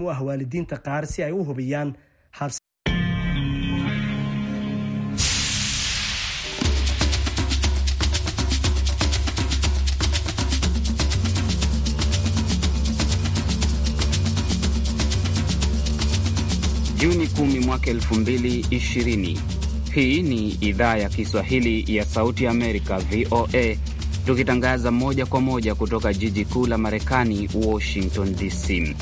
u ah waalidiinta qaar si ay u hubiyaan Juni 10 mwaka 2020. Hii ni idhaa ya Kiswahili ya Sauti Amerika, VOA, tukitangaza moja kwa moja kutoka jiji kuu la Marekani, Washington DC.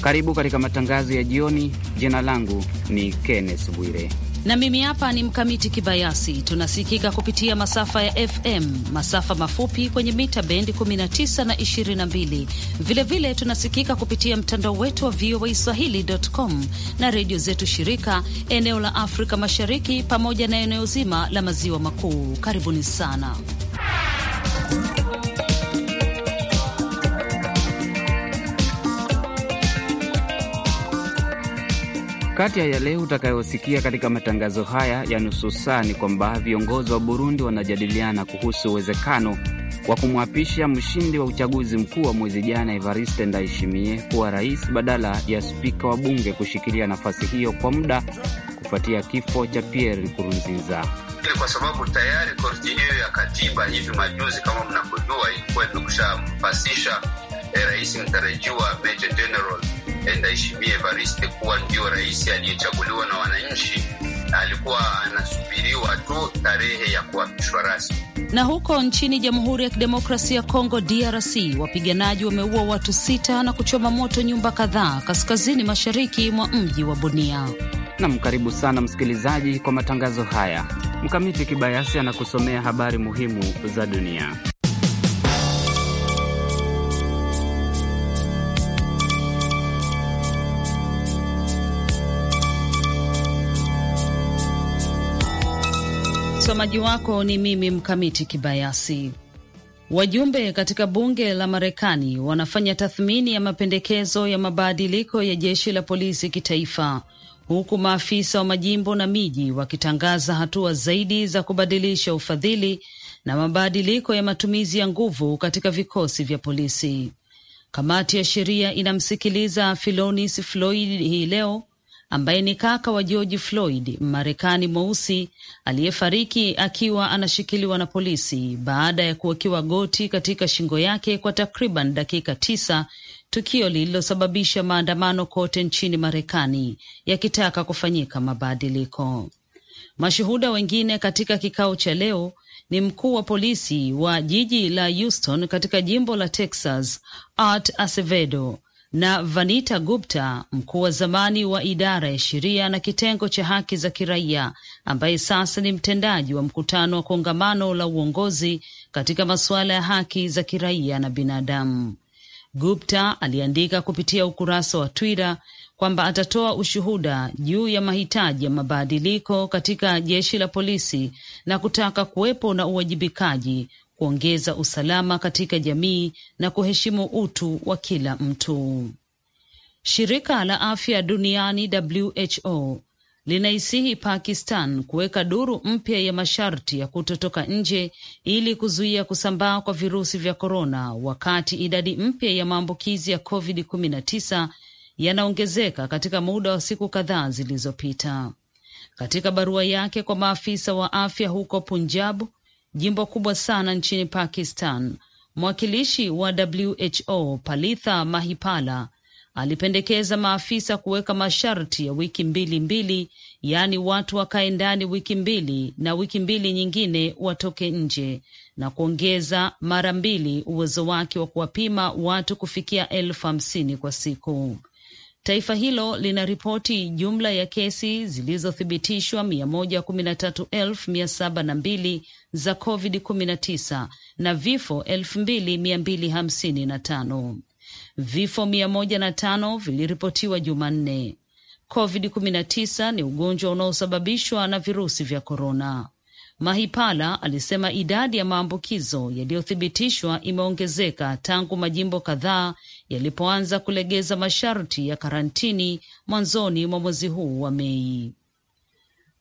Karibu katika matangazo ya jioni. Jina langu ni Kenneth Bwire na mimi hapa ni Mkamiti Kibayasi. Tunasikika kupitia masafa ya FM, masafa mafupi kwenye mita bendi 19 na 22. Vilevile vile tunasikika kupitia mtandao wetu wa VOA Swahili.com na redio zetu shirika eneo la Afrika Mashariki pamoja na eneo zima la Maziwa Makuu. Karibuni sana Kati ya yale utakayosikia katika matangazo haya ya nusu saa ni kwamba viongozi wa Burundi wanajadiliana kuhusu uwezekano wa kumwapisha mshindi wa uchaguzi mkuu wa mwezi jana Evariste Ndayishimiye kuwa rais badala ya spika wa bunge kushikilia nafasi hiyo kwa muda kufuatia kifo cha Pierre Nkurunziza kwa sababu tayari korti hiyo ya katiba hivi majuzi, kama mnavyojua, ilikuwa imekushampasisha eh, rais mtarajiwa Meja Ndayishimiye Evariste kuwa ndio rais aliyechaguliwa na wananchi, alikuwa anasubiriwa tu tarehe ya kuapishwa rasmi. Na huko nchini Jamhuri ya Kidemokrasia ya Kongo DRC, wapiganaji wameua watu sita na kuchoma moto nyumba kadhaa kaskazini mashariki mwa mji wa Bunia. Nam, karibu sana msikilizaji kwa matangazo haya. Mkamiti Kibayasi anakusomea habari muhimu za dunia. Msomaji wako ni mimi Mkamiti Kibayasi. Wajumbe katika bunge la Marekani wanafanya tathmini ya mapendekezo ya mabadiliko ya jeshi la polisi kitaifa, huku maafisa wa majimbo na miji wakitangaza hatua zaidi za kubadilisha ufadhili na mabadiliko ya matumizi ya nguvu katika vikosi vya polisi. Kamati ya sheria inamsikiliza Filonis Floyd hii leo ambaye ni kaka wa George Floyd, Mmarekani mweusi aliyefariki akiwa anashikiliwa na polisi baada ya kuwekewa goti katika shingo yake kwa takriban dakika tisa, tukio lililosababisha maandamano kote nchini Marekani yakitaka kufanyika mabadiliko. Mashuhuda wengine katika kikao cha leo ni mkuu wa polisi wa jiji la Houston katika jimbo la Texas, Art Acevedo na Vanita Gupta, mkuu wa zamani wa idara ya sheria na kitengo cha haki za kiraia, ambaye sasa ni mtendaji wa mkutano wa kongamano la uongozi katika masuala ya haki za kiraia na binadamu. Gupta aliandika kupitia ukurasa wa Twitter kwamba atatoa ushuhuda juu ya mahitaji ya mabadiliko katika jeshi la polisi na kutaka kuwepo na uwajibikaji kuongeza usalama katika jamii na kuheshimu utu wa kila mtu. Shirika la Afya Duniani WHO linaisihi Pakistan kuweka duru mpya ya masharti ya kutotoka nje ili kuzuia kusambaa kwa virusi vya korona, wakati idadi mpya ya maambukizi ya COVID-19 yanaongezeka katika muda wa siku kadhaa zilizopita. Katika barua yake kwa maafisa wa afya huko Punjab, jimbo kubwa sana nchini Pakistan. Mwakilishi wa WHO Palitha Mahipala alipendekeza maafisa kuweka masharti ya wiki mbili mbili, yaani watu wakae ndani wiki mbili na wiki mbili nyingine watoke nje, na kuongeza mara mbili uwezo wake wa kuwapima watu kufikia elfu hamsini kwa siku. Taifa hilo lina ripoti jumla ya kesi zilizothibitishwa mia moja kumi na tatu elfu mia saba na mbili za COVID-19 na vifo 2255. Vifo 105 viliripotiwa Jumanne. COVID-19 ni ugonjwa unaosababishwa na virusi vya korona. Mahipala alisema idadi ya maambukizo yaliyothibitishwa imeongezeka tangu majimbo kadhaa yalipoanza kulegeza masharti ya karantini mwanzoni mwa mwezi huu wa Mei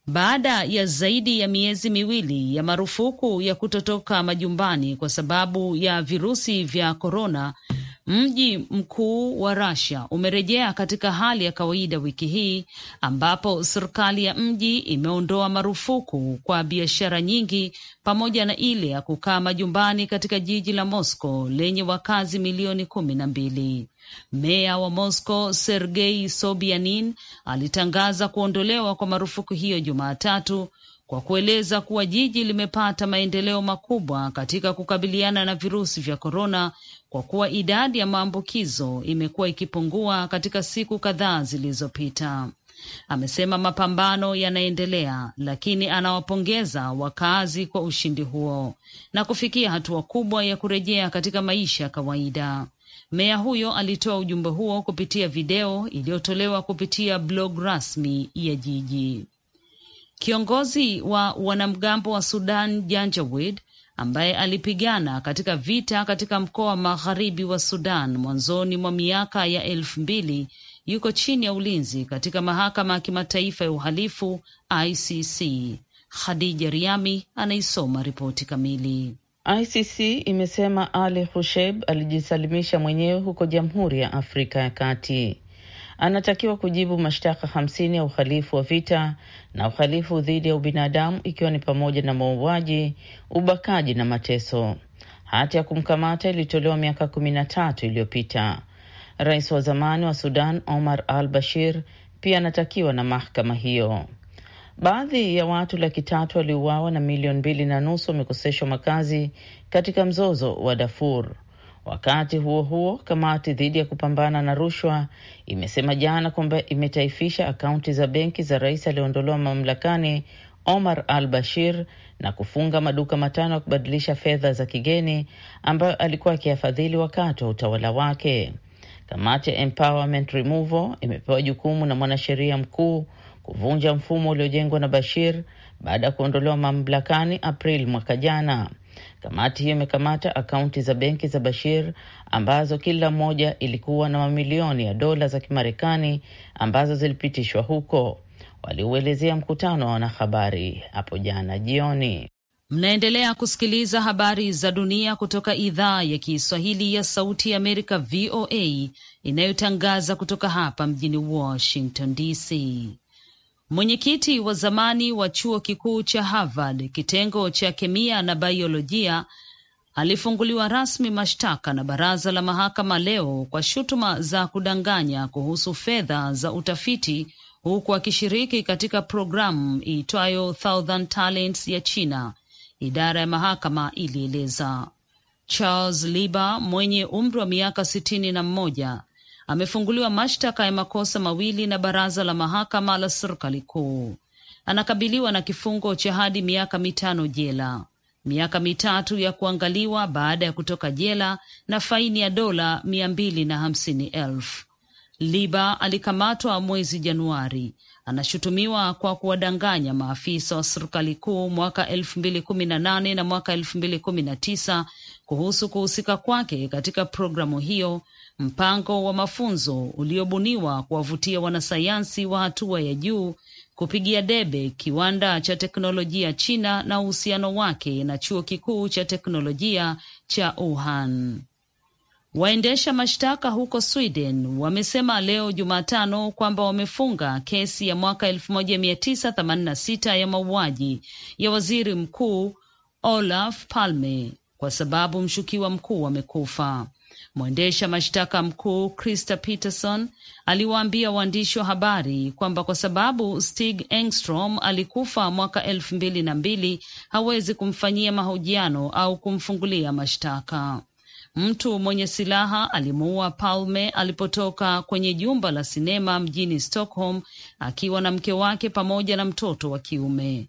baada ya zaidi ya miezi miwili ya marufuku ya kutotoka majumbani kwa sababu ya virusi vya korona. Mji mkuu wa Russia umerejea katika hali ya kawaida wiki hii ambapo serikali ya mji imeondoa marufuku kwa biashara nyingi pamoja na ile ya kukaa majumbani katika jiji la Moscow lenye wakazi milioni kumi na mbili. Meya wa Moscow Sergei Sobyanin alitangaza kuondolewa kwa marufuku hiyo Jumatatu kwa kueleza kuwa jiji limepata maendeleo makubwa katika kukabiliana na virusi vya korona kwa kuwa idadi ya maambukizo imekuwa ikipungua katika siku kadhaa zilizopita. Amesema mapambano yanaendelea, lakini anawapongeza wakazi kwa ushindi huo na kufikia hatua kubwa ya kurejea katika maisha ya kawaida. Meya huyo alitoa ujumbe huo kupitia video iliyotolewa kupitia blog rasmi ya jiji. Kiongozi wa wanamgambo wa Sudan Janjawid ambaye alipigana katika vita katika mkoa wa magharibi wa Sudan mwanzoni mwa miaka ya elfu mbili yuko chini ya ulinzi katika mahakama ya kimataifa ya uhalifu ICC. Khadija Riami anaisoma ripoti kamili. ICC imesema Ali Husheib alijisalimisha mwenyewe huko Jamhuri ya Afrika ya Kati anatakiwa kujibu mashtaka hamsini ya uhalifu wa vita na uhalifu dhidi ya ubinadamu ikiwa ni pamoja na mauaji, ubakaji na mateso. Hati ya kumkamata ilitolewa miaka kumi na tatu iliyopita. Rais wa zamani wa Sudan Omar al Bashir pia anatakiwa na mahakama hiyo. Baadhi ya watu laki tatu waliuawa na milioni mbili na nusu wamekoseshwa makazi katika mzozo wa Darfur. Wakati huo huo, kamati dhidi ya kupambana na rushwa imesema jana kwamba imetaifisha akaunti za benki za rais aliyeondolewa mamlakani Omar al Bashir na kufunga maduka matano ya kubadilisha fedha za kigeni ambayo alikuwa akiyafadhili wakati wa utawala wake. Kamati ya Empowerment Removal imepewa jukumu na mwanasheria mkuu kuvunja mfumo uliojengwa na Bashir baada ya kuondolewa mamlakani april mwaka jana. Kamati hiyo imekamata akaunti za benki za Bashir ambazo kila moja ilikuwa na mamilioni ya dola za Kimarekani ambazo zilipitishwa huko. Waliuelezea mkutano wa wanahabari hapo jana jioni. Mnaendelea kusikiliza habari za dunia kutoka idhaa ya Kiswahili ya Sauti ya Amerika, VOA, inayotangaza kutoka hapa mjini Washington DC. Mwenyekiti wa zamani wa chuo kikuu cha Harvard kitengo cha kemia na biolojia alifunguliwa rasmi mashtaka na baraza la mahakama leo kwa shutuma za kudanganya kuhusu fedha za utafiti huku akishiriki katika programu iitwayo Thousand Talents ya China, idara ya mahakama ilieleza. Charles Liber mwenye umri wa miaka sitini na mmoja amefunguliwa mashtaka ya makosa mawili na baraza la mahakama la serikali kuu. Anakabiliwa na kifungo cha hadi miaka mitano jela, miaka mitatu ya kuangaliwa baada ya kutoka jela na faini ya dola mia mbili na hamsini elfu. Liba alikamatwa mwezi Januari anashutumiwa kwa kuwadanganya maafisa wa serikali kuu mwaka elfu mbili kumi na nane na mwaka elfu mbili kumi na tisa kuhusu kuhusika kwake katika programu hiyo, mpango wa mafunzo uliobuniwa kuwavutia wanasayansi wa hatua ya juu kupigia debe kiwanda cha teknolojia China na uhusiano wake na chuo kikuu cha teknolojia cha Wuhan. Waendesha mashtaka huko Sweden wamesema leo Jumatano kwamba wamefunga kesi ya mwaka 1986 ya mauaji ya waziri mkuu Olaf Palme kwa sababu mshukiwa mkuu amekufa. Mwendesha mashtaka mkuu Krista Peterson aliwaambia waandishi wa habari kwamba kwa sababu Stig Engstrom alikufa mwaka elfu mbili na mbili hawezi kumfanyia mahojiano au kumfungulia mashtaka. Mtu mwenye silaha alimuua Palme alipotoka kwenye jumba la sinema mjini Stockholm akiwa na mke wake pamoja na mtoto wa kiume.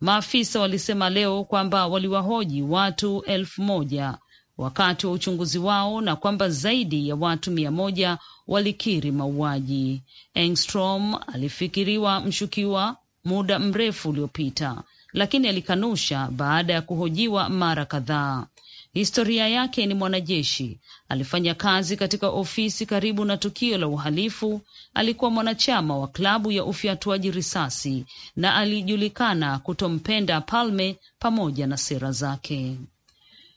Maafisa walisema leo kwamba waliwahoji watu elfu moja wakati wa uchunguzi wao na kwamba zaidi ya watu mia moja walikiri mauaji. Engstrom alifikiriwa mshukiwa muda mrefu uliopita, lakini alikanusha baada ya kuhojiwa mara kadhaa. Historia yake ni mwanajeshi, alifanya kazi katika ofisi karibu na tukio la uhalifu, alikuwa mwanachama wa klabu ya ufyatuaji risasi na alijulikana kutompenda Palme pamoja na sera zake.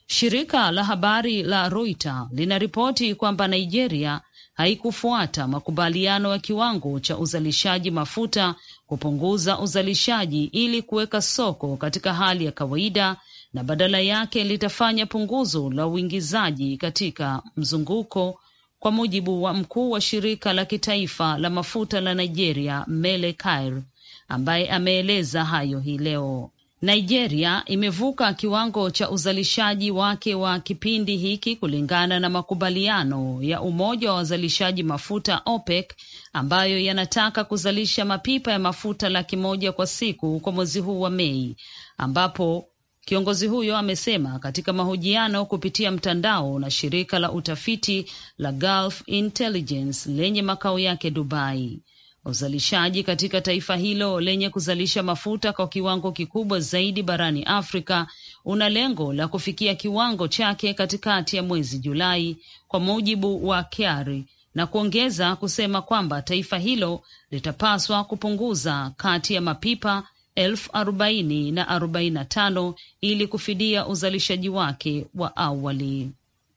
Shirika la habari la Reuters linaripoti kwamba Nigeria haikufuata makubaliano ya kiwango cha uzalishaji mafuta kupunguza uzalishaji ili kuweka soko katika hali ya kawaida na badala yake litafanya punguzo la uingizaji katika mzunguko, kwa mujibu wa mkuu wa shirika la kitaifa la mafuta la Nigeria, Mele Kair, ambaye ameeleza hayo hii leo. Nigeria imevuka kiwango cha uzalishaji wake wa kipindi hiki kulingana na makubaliano ya Umoja wa Wazalishaji Mafuta OPEC ambayo yanataka kuzalisha mapipa ya mafuta laki moja kwa siku kwa mwezi huu wa Mei ambapo Kiongozi huyo amesema katika mahojiano kupitia mtandao na shirika la utafiti la Gulf Intelligence lenye makao yake Dubai. Uzalishaji katika taifa hilo lenye kuzalisha mafuta kwa kiwango kikubwa zaidi barani Afrika una lengo la kufikia kiwango chake katikati ya mwezi Julai, kwa mujibu wa kari na kuongeza kusema kwamba taifa hilo litapaswa kupunguza kati ya mapipa elfu arobaini na arobaini na tano ili kufidia uzalishaji wake wa awali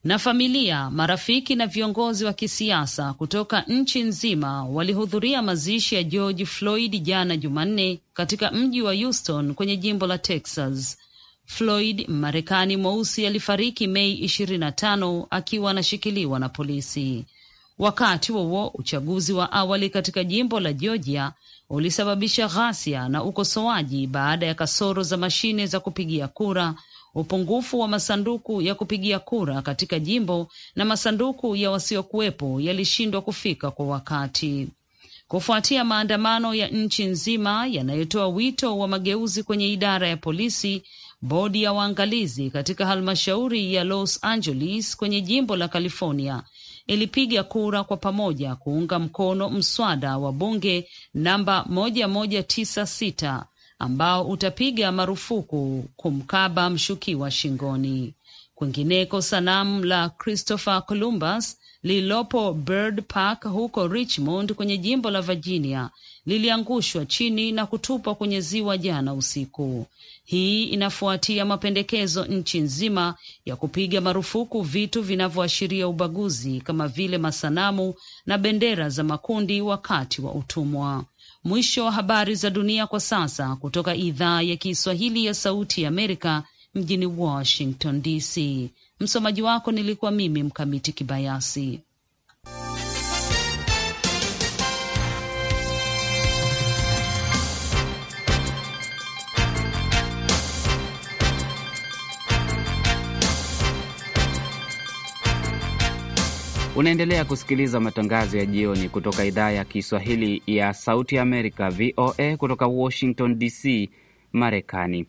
na familia, marafiki na viongozi wa kisiasa kutoka nchi nzima walihudhuria mazishi ya George Floyd jana Jumanne katika mji wa Houston kwenye jimbo la Texas. Floyd, Mmarekani mweusi, alifariki Mei 25 akiwa anashikiliwa na polisi. Wakati huo uchaguzi wa awali katika jimbo la Georgia ulisababisha ghasia na ukosoaji baada ya kasoro za mashine za kupigia kura, upungufu wa masanduku ya kupigia kura katika jimbo na masanduku ya wasiokuwepo yalishindwa kufika kwa wakati. Kufuatia maandamano ya nchi nzima yanayotoa wito wa mageuzi kwenye idara ya polisi, bodi ya waangalizi katika halmashauri ya Los Angeles kwenye jimbo la California ilipiga kura kwa pamoja kuunga mkono mswada wa bunge namba 1196 ambao utapiga marufuku kumkaba mshukiwa shingoni. Kwingineko, sanamu la Christopher Columbus lililopo Bird Park huko Richmond kwenye jimbo la Virginia liliangushwa chini na kutupwa kwenye ziwa jana usiku. Hii inafuatia mapendekezo nchi nzima ya kupiga marufuku vitu vinavyoashiria ubaguzi kama vile masanamu na bendera za makundi wakati wa utumwa. Mwisho wa habari za dunia kwa sasa kutoka idhaa ya Kiswahili ya Sauti ya Amerika mjini Washington DC. Msomaji wako nilikuwa mimi Mkamiti Kibayasi. Unaendelea kusikiliza matangazo ya jioni kutoka idhaa ya Kiswahili ya Sauti ya Amerika, VOA, kutoka Washington DC, Marekani.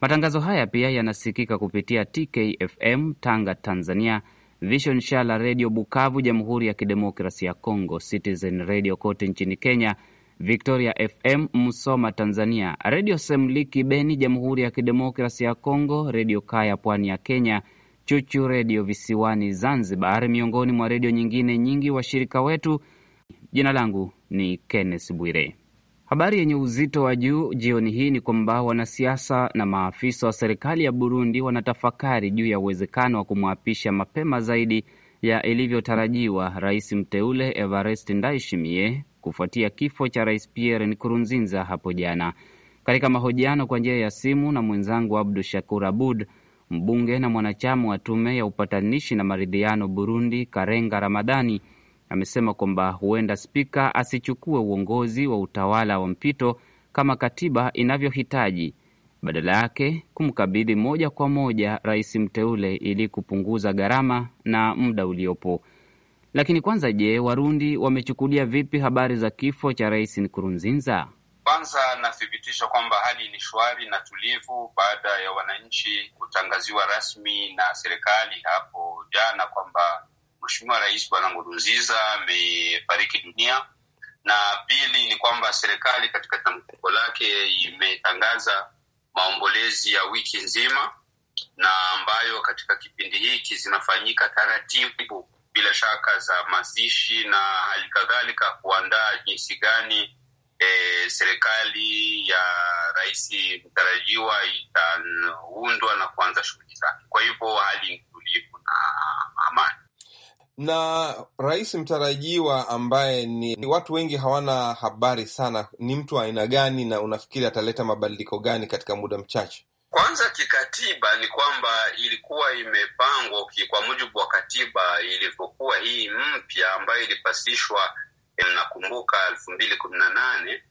Matangazo haya pia yanasikika kupitia TKFM Tanga Tanzania, Vision Shala Redio Bukavu Jamhuri ya kidemokrasi ya congo Citizen Redio kote nchini Kenya, Victoria FM Msoma Tanzania, Redio Semliki Beni Jamhuri ya kidemokrasi ya congo Redio Kaya pwani ya Kenya, Chuchu Redio visiwani Zanzibar, miongoni mwa redio nyingine nyingi washirika wetu. Jina langu ni Kenneth Bwire. Habari yenye uzito wa juu jioni hii ni kwamba wanasiasa na maafisa wa serikali ya Burundi wanatafakari juu ya uwezekano wa kumwapisha mapema zaidi ya ilivyotarajiwa rais mteule evarest Ndaishimie kufuatia kifo cha rais Pierre Nkurunziza hapo jana. Katika mahojiano kwa njia ya simu na mwenzangu Abdu Shakur Abud, mbunge na mwanachama wa tume ya upatanishi na maridhiano Burundi Karenga Ramadhani amesema kwamba huenda spika asichukue uongozi wa utawala wa mpito kama katiba inavyohitaji, badala yake kumkabidhi moja kwa moja rais mteule ili kupunguza gharama na muda uliopo. Lakini kwanza, je, Warundi wamechukulia vipi habari za kifo cha rais Nkurunziza? Kwanza nathibitisha kwamba hali ni shwari na tulivu baada ya wananchi kutangaziwa rasmi na serikali hapo jana kwamba Mheshimiwa Rais Bwana Nkurunziza amefariki dunia, na pili ni kwamba serikali katika tamko lake imetangaza maombolezi ya wiki nzima na ambayo katika kipindi hiki zinafanyika taratibu bila shaka za mazishi na hali kadhalika kuandaa jinsi gani e, serikali ya rais mtarajiwa itaundwa na kuanza shughuli zake. Kwa hivyo hali ni tulivu na amani na rais mtarajiwa ambaye ni watu wengi hawana habari sana, ni mtu wa aina gani na unafikiri ataleta mabadiliko gani katika muda mchache? Kwanza kikatiba ni kwamba ilikuwa imepangwa kwa mujibu wa katiba ilivyokuwa hii mpya ambayo ilipasishwa, eh, nakumbuka elfu mbili kumi na nane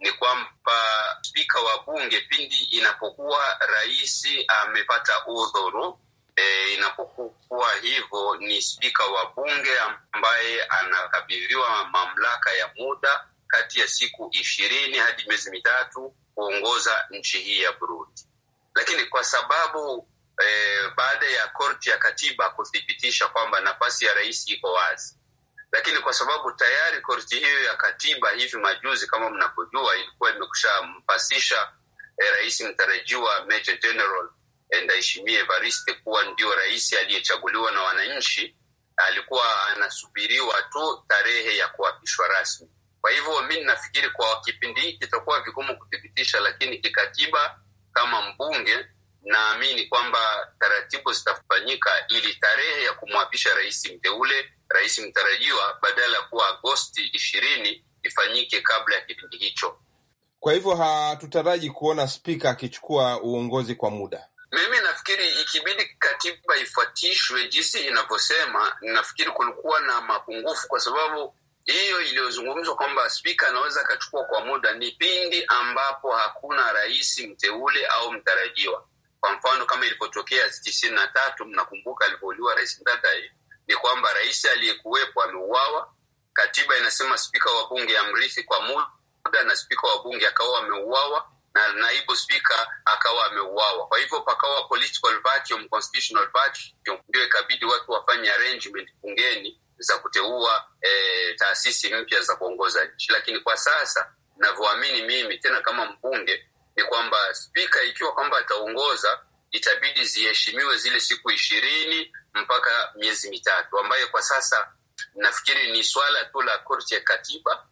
ni kwamba spika wa bunge pindi inapokuwa rais amepata udhuru E, inapokuwa hivyo ni spika wa bunge ambaye anakabidhiwa mamlaka ya muda kati ya siku ishirini hadi miezi mitatu kuongoza nchi hii ya Burundi, lakini kwa sababu e, baada ya korti ya katiba kuthibitisha kwamba nafasi ya rais iko wazi, lakini kwa sababu tayari korti hiyo ya katiba hivi majuzi, kama mnavyojua, ilikuwa imekushampasisha e, rais mtarajiwa Meja General Ndayishimiye Evariste kuwa ndio rais aliyechaguliwa na wananchi, alikuwa anasubiriwa tu tarehe ya kuapishwa rasmi. Kwa hivyo mi nafikiri kwa kipindi hiki kitakuwa vigumu kuthibitisha, lakini kikatiba, kama mbunge, naamini kwamba taratibu zitafanyika ili tarehe ya kumwapisha rais mteule, rais mtarajiwa, badala ya kuwa Agosti ishirini, ifanyike kabla ya kipindi hicho. Kwa hivyo hatutaraji kuona spika akichukua uongozi kwa muda. Mimi nafikiri ikibidi katiba ifuatishwe jinsi inavyosema, nafikiri kulikuwa na mapungufu, kwa sababu hiyo iliyozungumzwa kwamba spika anaweza akachukua kwa muda ni pindi ambapo hakuna rais mteule au mtarajiwa. Kwa mfano kama ilivyotokea tisini na tatu, mnakumbuka alivyouliwa rais Ndadaye, ni kwamba rais aliyekuwepo ameuawa. Katiba inasema spika wa bunge amrithi kwa muda, na spika wa bunge akawa ameuawa na naibu spika akawa ameuawa. Kwa hivyo pakawa political vacuum, constitutional vacuum, ndio ikabidi watu wafanye arrangement bungeni za kuteua e, taasisi mpya za kuongoza nchi. Lakini kwa sasa navyoamini mimi tena kama mbunge ni kwamba spika ikiwa kwamba ataongoza itabidi ziheshimiwe zile siku ishirini mpaka miezi mitatu ambayo kwa sasa nafikiri ni swala tu la korti ya katiba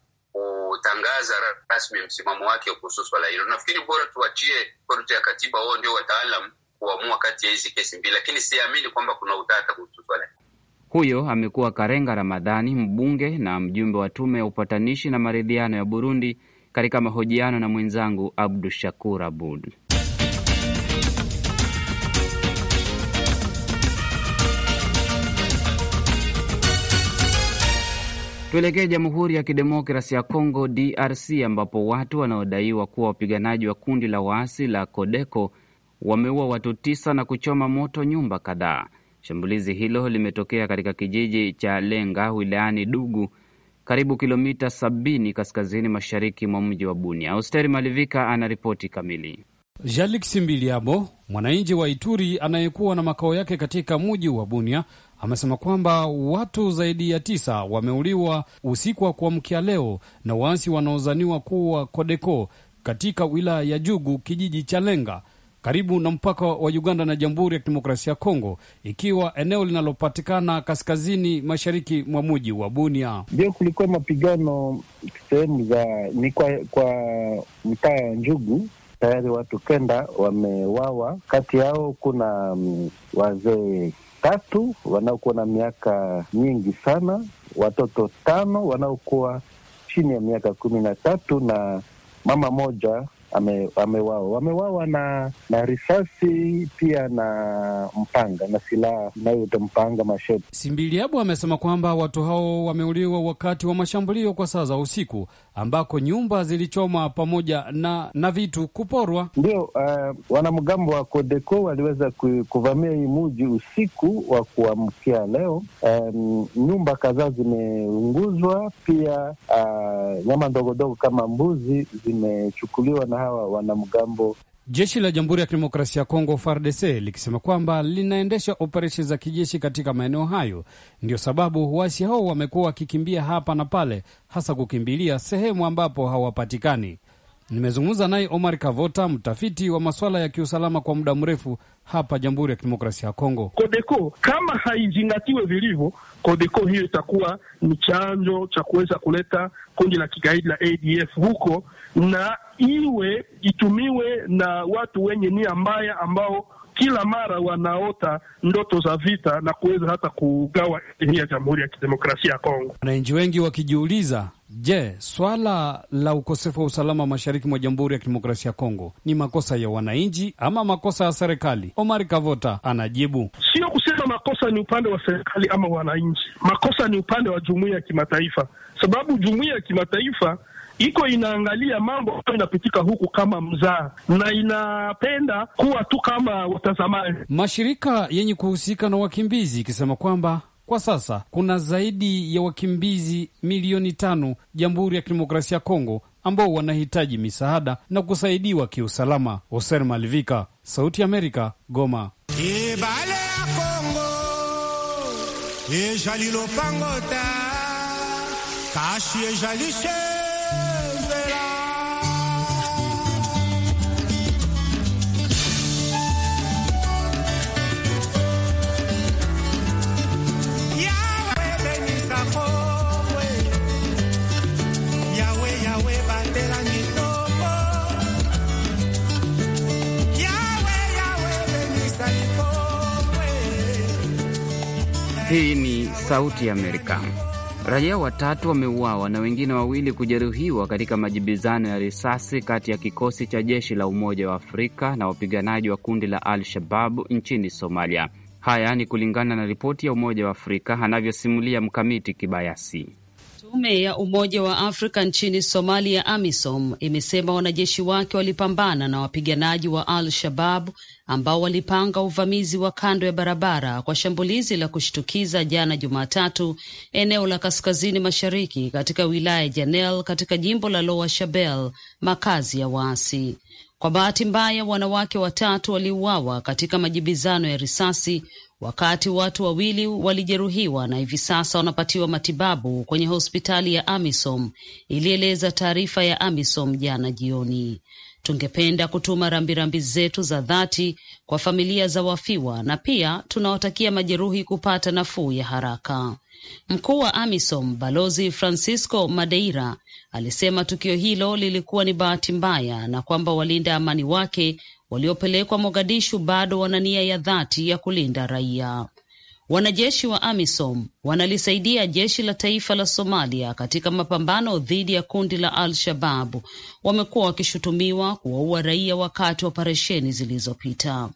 kutangaza rasmi msimamo wake kuhusu swala hilo. Nafikiri bora tuachie korti ya katiba, wao ndio wataalam kuamua kati ya hizi kesi mbili, lakini siamini kwamba kuna utata kuhusu swala hilo. Huyo amekuwa Karenga Ramadhani, mbunge na mjumbe wa tume ya upatanishi na maridhiano ya Burundi, katika mahojiano na mwenzangu Abdu Shakur Abud. Tuelekee Jamhuri ya Kidemokrasi ya Kongo, DRC, ambapo watu wanaodaiwa kuwa wapiganaji wa kundi la waasi la Kodeko wameua watu tisa na kuchoma moto nyumba kadhaa. Shambulizi hilo limetokea katika kijiji cha Lenga wilayani Dugu, karibu kilomita 70 kaskazini mashariki mwa mji wa Bunia. Austeri Malivika anaripoti kamili. Jalik Simbiliabo, mwananchi wa Ituri anayekuwa na makao yake katika mji wa Bunia, amesema kwamba watu zaidi ya tisa wameuliwa usiku wa kuamkia leo na waasi wanaozaniwa kuwa Kodeko katika wilaya ya Jugu, kijiji cha Lenga karibu na mpaka wa Uganda na Jamhuri ya Kidemokrasia ya Kongo, ikiwa eneo linalopatikana kaskazini mashariki mwa mji wa Bunia. Ndio kulikuwa mapigano sehemu za ni kwa, kwa mtaa ya Njugu. Tayari watu kenda wamewawa, kati yao kuna mm, wazee tatu wanaokuwa na miaka nyingi sana, watoto tano wanaokuwa chini ya miaka kumi na tatu na mama moja amewawa wamewawa na na risasi pia na mpanga na silaha inayoitwa mpanga mashete. Simbiliabu amesema kwamba watu hao wameuliwa wakati wa mashambulio kwa saa za usiku ambako nyumba zilichoma pamoja na na vitu kuporwa. Ndio uh, wanamgambo wa Kodeko waliweza kuvamia hii muji usiku wa kuamkia leo. Um, nyumba kadhaa zimeunguzwa pia, uh, nyama ndogo ndogo kama mbuzi zimechukuliwa na hawa wanamgambo. Jeshi la Jamhuri ya Kidemokrasia ya Kongo FARDC likisema kwamba linaendesha operesheni za kijeshi katika maeneo hayo. Ndio sababu waasi hao wamekuwa wakikimbia hapa na pale, hasa kukimbilia sehemu ambapo hawapatikani. Nimezungumza naye Omar Kavota, mtafiti wa masuala ya kiusalama kwa muda mrefu hapa Jamhuri ya Kidemokrasia ya Kongo. Kodeko kama haizingatiwe vilivyo, Kodeko hiyo itakuwa ni chanjo cha kuweza kuleta kundi la kigaidi la ADF huko, na iwe itumiwe na watu wenye nia mbaya ambao kila mara wanaota ndoto za vita na kuweza hata kugawa hii ya Jamhuri ya Kidemokrasia ya Kongo. Wananchi wengi wakijiuliza Je, swala la ukosefu wa usalama mashariki mwa Jamhuri ya Kidemokrasia ya Kongo ni makosa ya wananchi ama makosa ya serikali? Omar Kavota anajibu. Sio kusema makosa ni upande wa serikali ama wananchi, makosa ni upande wa jumuiya ya kimataifa, sababu jumuiya ya kimataifa iko inaangalia mambo ambayo inapitika huku kama mzaa na inapenda kuwa tu kama watazamaji. Mashirika yenye kuhusika na wakimbizi ikisema kwamba kwa sasa kuna zaidi ya wakimbizi milioni tano Jamhuri ya Kidemokrasia ya Kongo ambao wanahitaji misaada na kusaidiwa kiusalama. Hosen Malivika, Sauti ya Amerika, Goma. Ibale ya Kongo ejalilopango kashi ejalishe Hii ni Sauti ya Amerika. Raia watatu wameuawa na wengine wawili kujeruhiwa katika majibizano ya risasi kati ya kikosi cha jeshi la Umoja wa Afrika na wapiganaji wa kundi la Al-Shababu nchini Somalia. Haya ni kulingana na ripoti ya Umoja wa Afrika anavyosimulia Mkamiti Kibayasi. Tume ya Umoja wa Afrika nchini Somalia, AMISOM, imesema wanajeshi wake walipambana na wapiganaji wa Al Shabab ambao walipanga uvamizi wa kando ya barabara kwa shambulizi la kushtukiza jana Jumatatu, eneo la kaskazini mashariki katika wilaya ya Janel katika jimbo la Lower Shabelle, makazi ya waasi. Kwa bahati mbaya, wanawake watatu waliuawa katika majibizano ya risasi wakati watu wawili walijeruhiwa na hivi sasa wanapatiwa matibabu kwenye hospitali ya AMISOM, ilieleza taarifa ya AMISOM jana jioni. Tungependa kutuma rambirambi zetu za dhati kwa familia za wafiwa na pia tunawatakia majeruhi kupata nafuu ya haraka. Mkuu wa AMISOM Balozi Francisco Madeira alisema tukio hilo lilikuwa ni bahati mbaya na kwamba walinda amani wake waliopelekwa Mogadishu bado wana nia ya dhati ya kulinda raia. Wanajeshi wa AMISOM wanalisaidia jeshi la taifa la Somalia katika mapambano dhidi ya kundi la Al-Shababu. Wamekuwa wakishutumiwa kuwaua raia wakati wa operesheni zilizopita.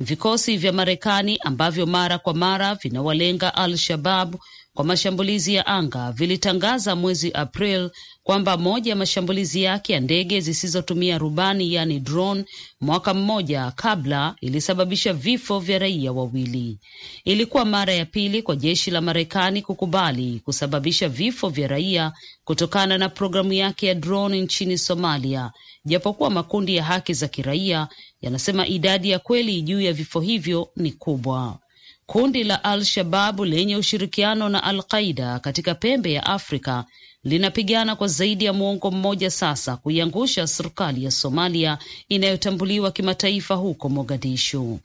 Vikosi vya Marekani ambavyo mara kwa mara vinawalenga Al-Shababu kwa mashambulizi ya anga vilitangaza mwezi April kwamba moja ya mashambulizi yake ya ndege zisizotumia rubani yaani drone, mwaka mmoja kabla ilisababisha vifo vya raia wawili. Ilikuwa mara ya pili kwa jeshi la Marekani kukubali kusababisha vifo vya raia kutokana na programu yake ya drone nchini Somalia, japokuwa makundi ya haki za kiraia yanasema idadi ya kweli juu ya vifo hivyo ni kubwa. Kundi la Al-Shababu lenye ushirikiano na Al-Qaida katika pembe ya Afrika linapigana kwa zaidi ya muongo mmoja sasa kuiangusha serikali ya Somalia inayotambuliwa kimataifa huko Mogadishu.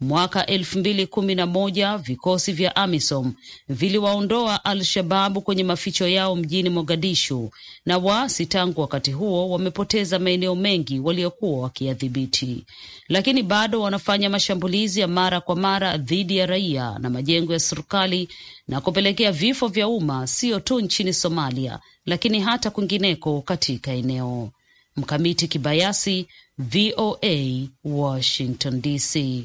Mwaka elfu mbili kumi na moja vikosi vya AMISOM viliwaondoa Al-Shababu kwenye maficho yao mjini Mogadishu, na waasi tangu wakati huo wamepoteza maeneo mengi waliokuwa wakiyadhibiti, lakini bado wanafanya mashambulizi ya mara kwa mara dhidi ya raia na majengo ya serikali na kupelekea vifo vya umma, sio tu nchini Somalia lakini hata kwingineko katika eneo. Mkamiti Kibayasi, VOA, Washington DC.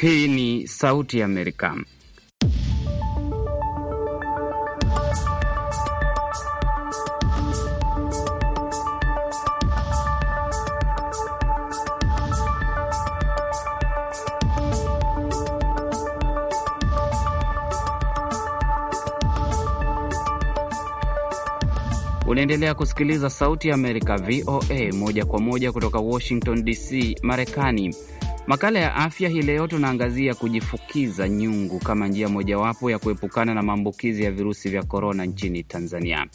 Hii ni Sauti Amerika. Unaendelea kusikiliza Sauti ya Amerika, VOA, moja kwa moja kutoka Washington DC, Marekani. Makala ya afya hii leo tunaangazia kujifukiza nyungu kama njia mojawapo ya kuepukana na maambukizi ya virusi vya korona nchini Tanzania.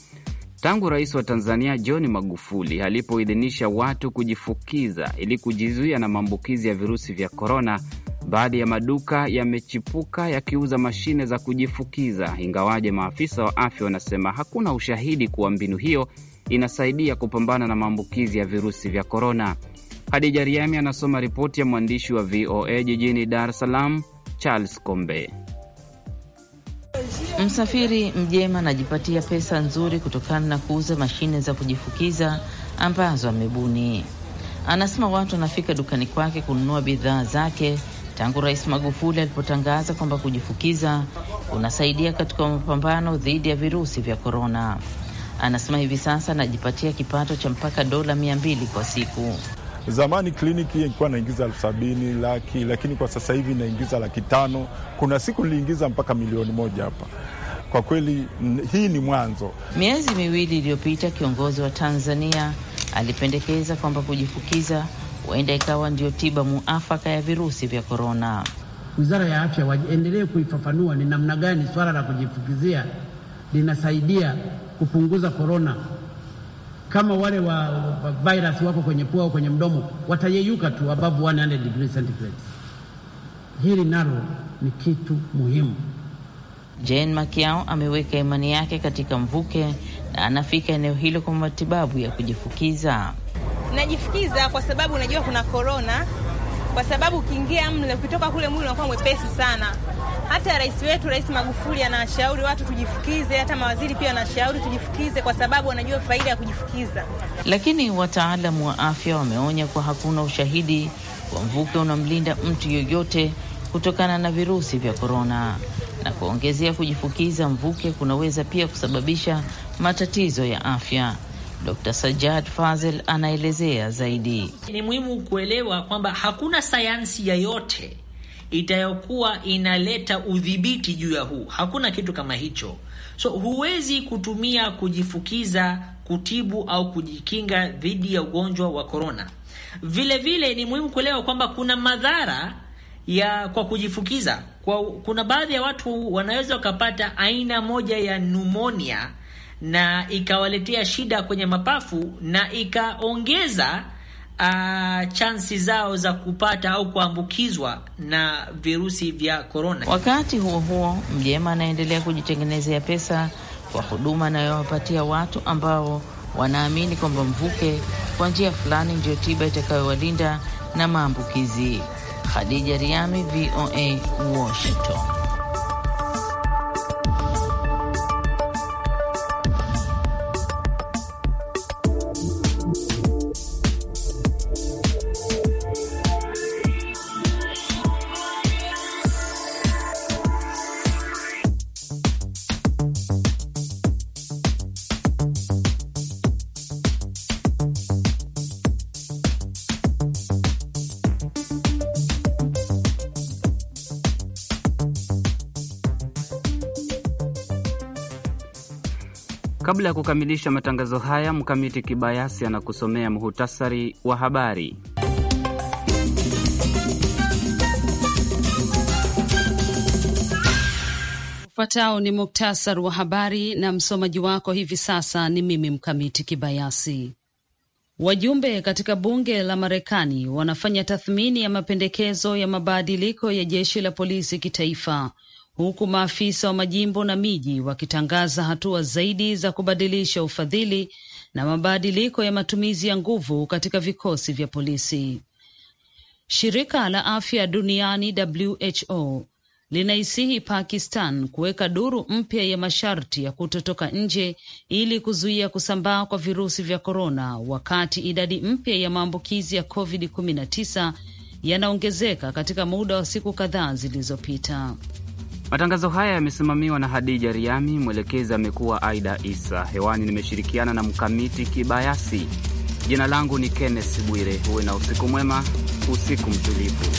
Tangu rais wa Tanzania John Magufuli alipoidhinisha watu kujifukiza ili kujizuia na maambukizi ya virusi vya korona, baadhi ya maduka yamechipuka yakiuza mashine za kujifukiza, ingawaje maafisa wa afya wanasema hakuna ushahidi kuwa mbinu hiyo inasaidia kupambana na maambukizi ya virusi vya korona. Hadija Riami anasoma ripoti ya mwandishi wa VOA jijini Dar es Salaam, Charles Kombe. Msafiri mjema anajipatia pesa nzuri kutokana na kuuza mashine za kujifukiza ambazo amebuni. Anasema watu wanafika dukani kwake kununua bidhaa zake tangu Rais Magufuli alipotangaza kwamba kujifukiza kunasaidia katika mapambano dhidi ya virusi vya korona. Anasema hivi sasa anajipatia kipato cha mpaka dola mia mbili kwa siku. Zamani kliniki ilikuwa naingiza elfu sabini laki, lakini kwa sasa hivi naingiza laki tano. Kuna siku niliingiza mpaka milioni moja hapa. Kwa kweli hii ni mwanzo. Miezi miwili iliyopita, kiongozi wa Tanzania alipendekeza kwamba kujifukiza huenda ikawa ndio tiba muafaka ya virusi vya korona. Wizara ya Afya waendelee kuifafanua ni namna gani swala la kujifukizia linasaidia kupunguza korona kama wale wa, virus wako kwenye pua au kwenye mdomo watayeyuka tu above 100 degrees centigrade. Hili nalo ni kitu muhimu. Jane Makiao ameweka imani yake katika mvuke na anafika eneo hilo kwa matibabu ya kujifukiza. Najifukiza kwa sababu unajua kuna korona, kwa sababu ukiingia mle, ukitoka kule mwili unakuwa mwepesi sana hata rais wetu Rais Magufuli anawashauri watu tujifukize, hata mawaziri pia wanashauri tujifukize, kwa sababu wanajua faida ya kujifukiza. Lakini wataalamu wa afya wameonya kuwa hakuna ushahidi kwa mvuke unamlinda mtu yoyote kutokana na virusi vya korona, na kuongezea kujifukiza mvuke kunaweza pia kusababisha matatizo ya afya. Dr. Sajad Fazel anaelezea zaidi. Ni muhimu kuelewa kwamba hakuna sayansi yoyote itayokuwa inaleta udhibiti juu ya huu. Hakuna kitu kama hicho, so huwezi kutumia kujifukiza kutibu au kujikinga dhidi ya ugonjwa wa korona. Vilevile ni muhimu kuelewa kwamba kuna madhara ya kwa kujifukiza kwa, kuna baadhi ya watu wanaweza wakapata aina moja ya numonia na ikawaletea shida kwenye mapafu na ikaongeza uh, chansi zao za kupata au kuambukizwa na virusi vya korona. Wakati huo huo, Mjema anaendelea kujitengenezea pesa kwa huduma anayowapatia watu ambao wanaamini kwamba mvuke kwa njia fulani ndiyo tiba itakayowalinda na maambukizi. Khadija Riami, VOA, Washington. Kabla ya kukamilisha matangazo haya, Mkamiti Kibayasi anakusomea muhutasari wa habari. Ufuatao ni muktasari wa habari na msomaji wako hivi sasa ni mimi Mkamiti Kibayasi. Wajumbe katika bunge la Marekani wanafanya tathmini ya mapendekezo ya mabadiliko ya jeshi la polisi kitaifa huku maafisa wa majimbo na miji wakitangaza hatua zaidi za kubadilisha ufadhili na mabadiliko ya matumizi ya nguvu katika vikosi vya polisi. Shirika la afya duniani WHO linaisihi Pakistan kuweka duru mpya ya masharti ya kutotoka nje ili kuzuia kusambaa kwa virusi vya korona, wakati idadi mpya ya maambukizi ya COVID-19 yanaongezeka katika muda wa siku kadhaa zilizopita. Matangazo haya yamesimamiwa na Hadija Riami, mwelekezi amekuwa Aida Isa. Hewani nimeshirikiana na Mkamiti Kibayasi. Jina langu ni Kenneth Bwire. Huwe na usiku mwema, usiku mtulivu.